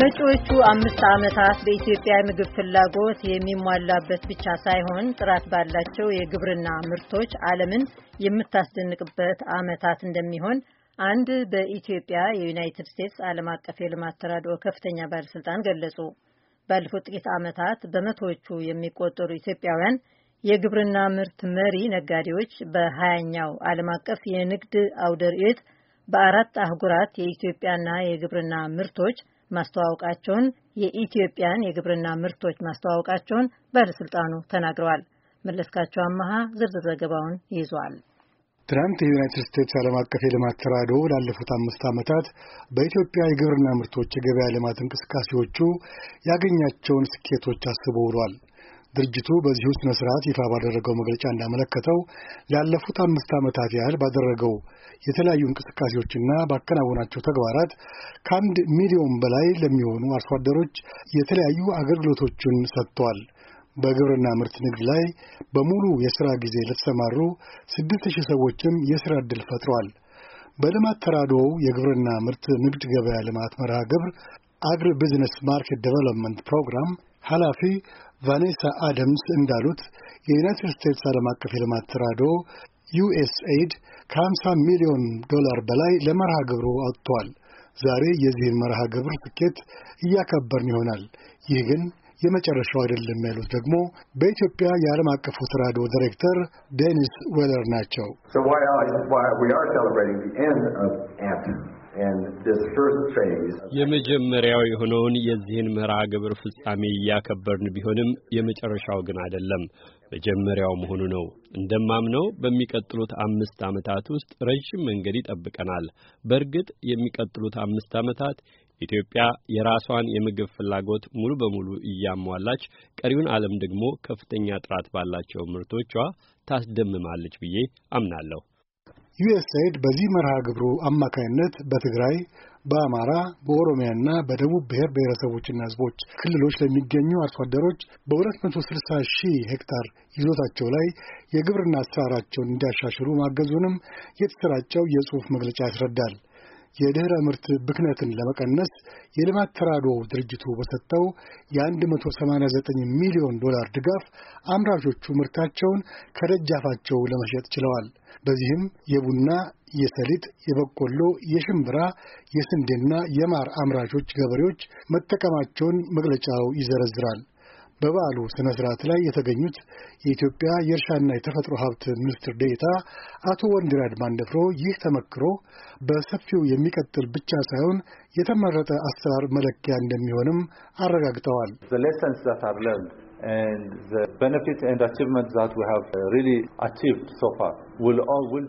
መጪዎቹ አምስት ዓመታት በኢትዮጵያ የምግብ ፍላጎት የሚሟላበት ብቻ ሳይሆን ጥራት ባላቸው የግብርና ምርቶች ዓለምን የምታስደንቅበት ዓመታት እንደሚሆን አንድ በኢትዮጵያ የዩናይትድ ስቴትስ ዓለም አቀፍ የልማት ተራድኦ ከፍተኛ ባለስልጣን ገለጹ። ባለፉት ጥቂት ዓመታት በመቶዎቹ የሚቆጠሩ ኢትዮጵያውያን የግብርና ምርት መሪ ነጋዴዎች በሀያኛው ዓለም አቀፍ የንግድ አውደ ርዕይ በአራት አህጉራት የኢትዮጵያና የግብርና ምርቶች ማስተዋወቃቸውን የኢትዮጵያን የግብርና ምርቶች ማስተዋወቃቸውን ባለስልጣኑ ተናግረዋል። መለስካቸው አመሃ ዝርዝር ዘገባውን ይዟል። ትናንት የዩናይትድ ስቴትስ ዓለም አቀፍ የልማት ተራድኦ ላለፉት አምስት ዓመታት በኢትዮጵያ የግብርና ምርቶች የገበያ ልማት እንቅስቃሴዎቹ ያገኛቸውን ስኬቶች አስቦ ውሏል። ድርጅቱ በዚሁ ሥነ ሥርዓት ይፋ ባደረገው መግለጫ እንዳመለከተው ላለፉት አምስት ዓመታት ያህል ባደረገው የተለያዩ እንቅስቃሴዎችና ባከናወናቸው ተግባራት ከአንድ ሚሊዮን በላይ ለሚሆኑ አርሶ አደሮች የተለያዩ አገልግሎቶችን ሰጥቷል። በግብርና ምርት ንግድ ላይ በሙሉ የሥራ ጊዜ ለተሰማሩ ስድስት ሺህ ሰዎችም የሥራ ዕድል ፈጥሯል። በልማት ተራድኦው የግብርና ምርት ንግድ ገበያ ልማት መርሃ ግብር አግሪ ቢዝነስ ማርኬት ዴቨሎፕመንት ፕሮግራም ኃላፊ ቫኔሳ አደምስ እንዳሉት የዩናይትድ ስቴትስ ዓለም አቀፍ የልማት ተራድኦ ዩኤስኤድ ከ50 ሚሊዮን ዶላር በላይ ለመርሃ ግብሩ አውጥቷል። ዛሬ የዚህን መርሃ ግብር ስኬት እያከበርን ይሆናል። ይህ ግን የመጨረሻው አይደለም ያሉት ደግሞ በኢትዮጵያ የዓለም አቀፉ ተራድኦ ዲሬክተር ዴኒስ ዌለር ናቸው። የመጀመሪያው የሆነውን የዚህን መርሃ ግብር ፍጻሜ እያከበርን ቢሆንም የመጨረሻው ግን አይደለም፣ መጀመሪያው መሆኑ ነው። እንደማምነው በሚቀጥሉት አምስት ዓመታት ውስጥ ረዥም መንገድ ይጠብቀናል። በእርግጥ የሚቀጥሉት አምስት ዓመታት ኢትዮጵያ የራሷን የምግብ ፍላጎት ሙሉ በሙሉ እያሟላች ቀሪውን ዓለም ደግሞ ከፍተኛ ጥራት ባላቸው ምርቶቿ ታስደምማለች ብዬ አምናለሁ። ዩኤስኤድ በዚህ መርሃ ግብሩ አማካይነት በትግራይ፣ በአማራ፣ በኦሮሚያና በደቡብ ብሔር ብሔረሰቦችና ሕዝቦች ክልሎች ለሚገኙ አርሶ አደሮች በ260 ሺህ ሄክታር ይዞታቸው ላይ የግብርና አሰራራቸውን እንዲያሻሽሉ ማገዙንም የተሰራጨው የጽሑፍ መግለጫ ያስረዳል። የድኅረ ምርት ብክነትን ለመቀነስ የልማት ተራድኦ ድርጅቱ በሰጠው የ189 ሚሊዮን ዶላር ድጋፍ አምራቾቹ ምርታቸውን ከደጃፋቸው ለመሸጥ ችለዋል። በዚህም የቡና፣ የሰሊጥ፣ የበቆሎ፣ የሽምብራ፣ የስንዴና የማር አምራቾች ገበሬዎች መጠቀማቸውን መግለጫው ይዘረዝራል። በበዓሉ ስነስርዓት ላይ የተገኙት የኢትዮጵያ የእርሻና የተፈጥሮ ሀብት ሚኒስትር ዴኤታ አቶ ወንድራድ ማንደፍሮ ይህ ተመክሮ በሰፊው የሚቀጥል ብቻ ሳይሆን የተመረጠ አሰራር መለኪያ እንደሚሆንም አረጋግጠዋል።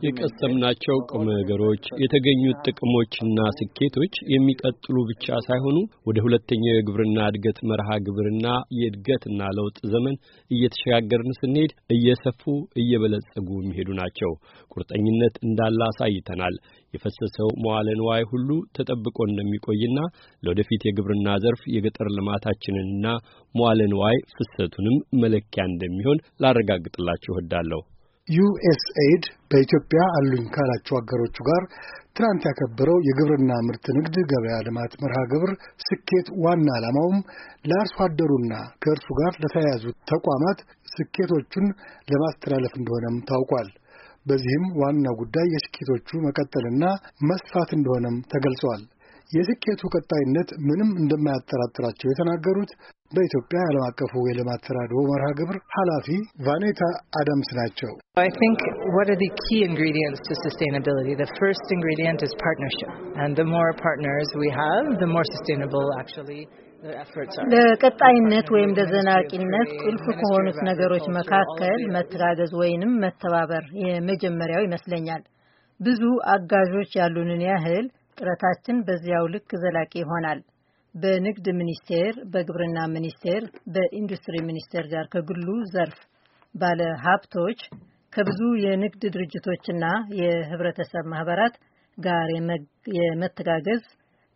የቀሰምናቸው ቁም ነገሮች የተገኙት ጥቅሞችና ስኬቶች የሚቀጥሉ ብቻ ሳይሆኑ ወደ ሁለተኛው የግብርና እድገት መርሃ ግብርና የእድገትና ለውጥ ዘመን እየተሸጋገርን ስንሄድ እየሰፉ እየበለጸጉ የሚሄዱ ናቸው። ቁርጠኝነት እንዳለ አሳይተናል። የፈሰሰው መዋለ ንዋይ ሁሉ ተጠብቆ እንደሚቆይና ለወደፊት የግብርና ዘርፍ የገጠር ልማታችንንና መዋለ ንዋይ ፍሰ ክፍተቱንም መለኪያ እንደሚሆን ላረጋግጥላችሁ እወዳለሁ። ዩኤስኤድ በኢትዮጵያ አሉኝ ካላቸው አገሮቹ ጋር ትናንት ያከበረው የግብርና ምርት ንግድ ገበያ ልማት መርሃ ግብር ስኬት ዋና ዓላማውም ለአርሶ አደሩና ከእርሱ ጋር ለተያያዙ ተቋማት ስኬቶቹን ለማስተላለፍ እንደሆነም ታውቋል። በዚህም ዋናው ጉዳይ የስኬቶቹ መቀጠልና መስፋት እንደሆነም ተገልጿል። የስኬቱ ቀጣይነት ምንም እንደማያጠራጥራቸው የተናገሩት በኢትዮጵያ ዓለም አቀፉ የልማት ተራድኦ መርሃ ግብር ኃላፊ ቫኔታ አዳምስ ናቸው። ለቀጣይነት ወይም ለዘናቂነት ቁልፍ ከሆኑት ነገሮች መካከል መተጋገዝ ወይንም መተባበር የመጀመሪያው ይመስለኛል። ብዙ አጋዦች ያሉንን ያህል ጥረታችን በዚያው ልክ ዘላቂ ይሆናል። በንግድ ሚኒስቴር፣ በግብርና ሚኒስቴር፣ በኢንዱስትሪ ሚኒስቴር ጋር ከግሉ ዘርፍ ባለ ሀብቶች ከብዙ የንግድ ድርጅቶችና የህብረተሰብ ማህበራት ጋር የመተጋገዝ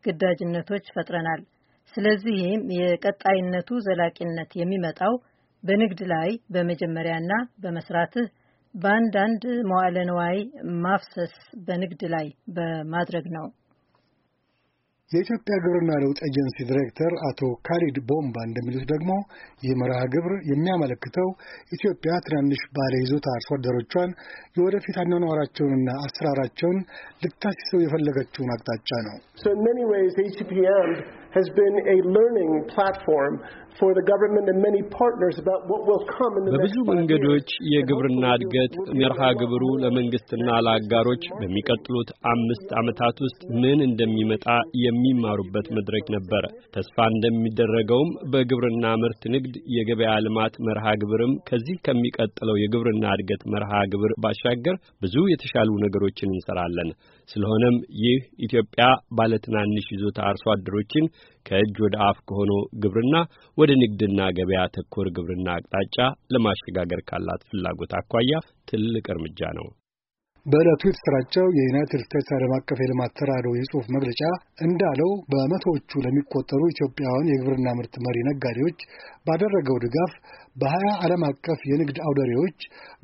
ግዳጅነቶች ፈጥረናል። ስለዚህም የቀጣይነቱ ዘላቂነት የሚመጣው በንግድ ላይ በመጀመሪያና በመስራትህ በአንዳንድ መዋዕለ ንዋይ ማፍሰስ በንግድ ላይ በማድረግ ነው። የኢትዮጵያ ግብርና ለውጥ ኤጀንሲ ዲሬክተር አቶ ካሊድ ቦምባ እንደሚሉት ደግሞ ይህ መርሃ ግብር የሚያመለክተው ኢትዮጵያ ትናንሽ ባለ ይዞታ አርሶ አደሮቿን የወደፊት አኗኗራቸውንና አሰራራቸውን ልታስሰው የፈለገችውን አቅጣጫ ነው። በብዙ መንገዶች የግብርና እድገት መርሃ ግብሩ ለመንግስትና ለአጋሮች በሚቀጥሉት አምስት ዓመታት ውስጥ ምን እንደሚመጣ የሚማሩበት መድረክ ነበር። ተስፋ እንደሚደረገውም በግብርና ምርት ንግድ፣ የገበያ ልማት መርሃ ግብርም ከዚህ ከሚቀጥለው የግብርና እድገት መርሃ ግብር ባሻገር ብዙ የተሻሉ ነገሮችን እንሰራለን። ስለሆነም ይህ ኢትዮጵያ ባለትናንሽ ይዞታ አርሶ አደሮችን ከእጅ ወደ አፍ ከሆነው ግብርና ወደ ንግድና ገበያ ተኮር ግብርና አቅጣጫ ለማሸጋገር ካላት ፍላጎት አኳያ ትልቅ እርምጃ ነው። በዕለቱ የተሰራጨው የዩናይትድ ስቴትስ ዓለም አቀፍ የልማት ተራድኦ የጽሑፍ መግለጫ እንዳለው በመቶዎቹ ለሚቆጠሩ ኢትዮጵያውያን የግብርና ምርት መሪ ነጋዴዎች ባደረገው ድጋፍ በሀያ ዓለም አቀፍ የንግድ አውደሬዎች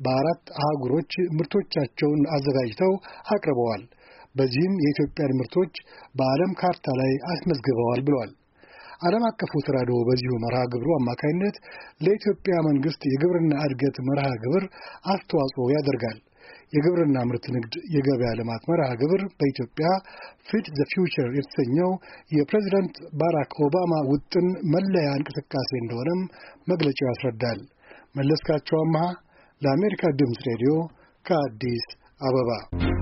በአራት አህጉሮች ምርቶቻቸውን አዘጋጅተው አቅርበዋል። በዚህም የኢትዮጵያን ምርቶች በዓለም ካርታ ላይ አስመዝግበዋል ብሏል። ዓለም አቀፉ ተራድኦ በዚሁ መርሃ ግብሩ አማካኝነት ለኢትዮጵያ መንግሥት የግብርና እድገት መርሃ ግብር አስተዋጽኦ ያደርጋል። የግብርና ምርት ንግድ የገበያ ልማት መርሃ ግብር በኢትዮጵያ ፊድ ዘ ፊውቸር የተሰኘው የፕሬዚደንት ባራክ ኦባማ ውጥን መለያ እንቅስቃሴ እንደሆነም መግለጫው ያስረዳል። መለስካቸው አመሃ ለአሜሪካ ድምፅ ሬዲዮ ከአዲስ አበባ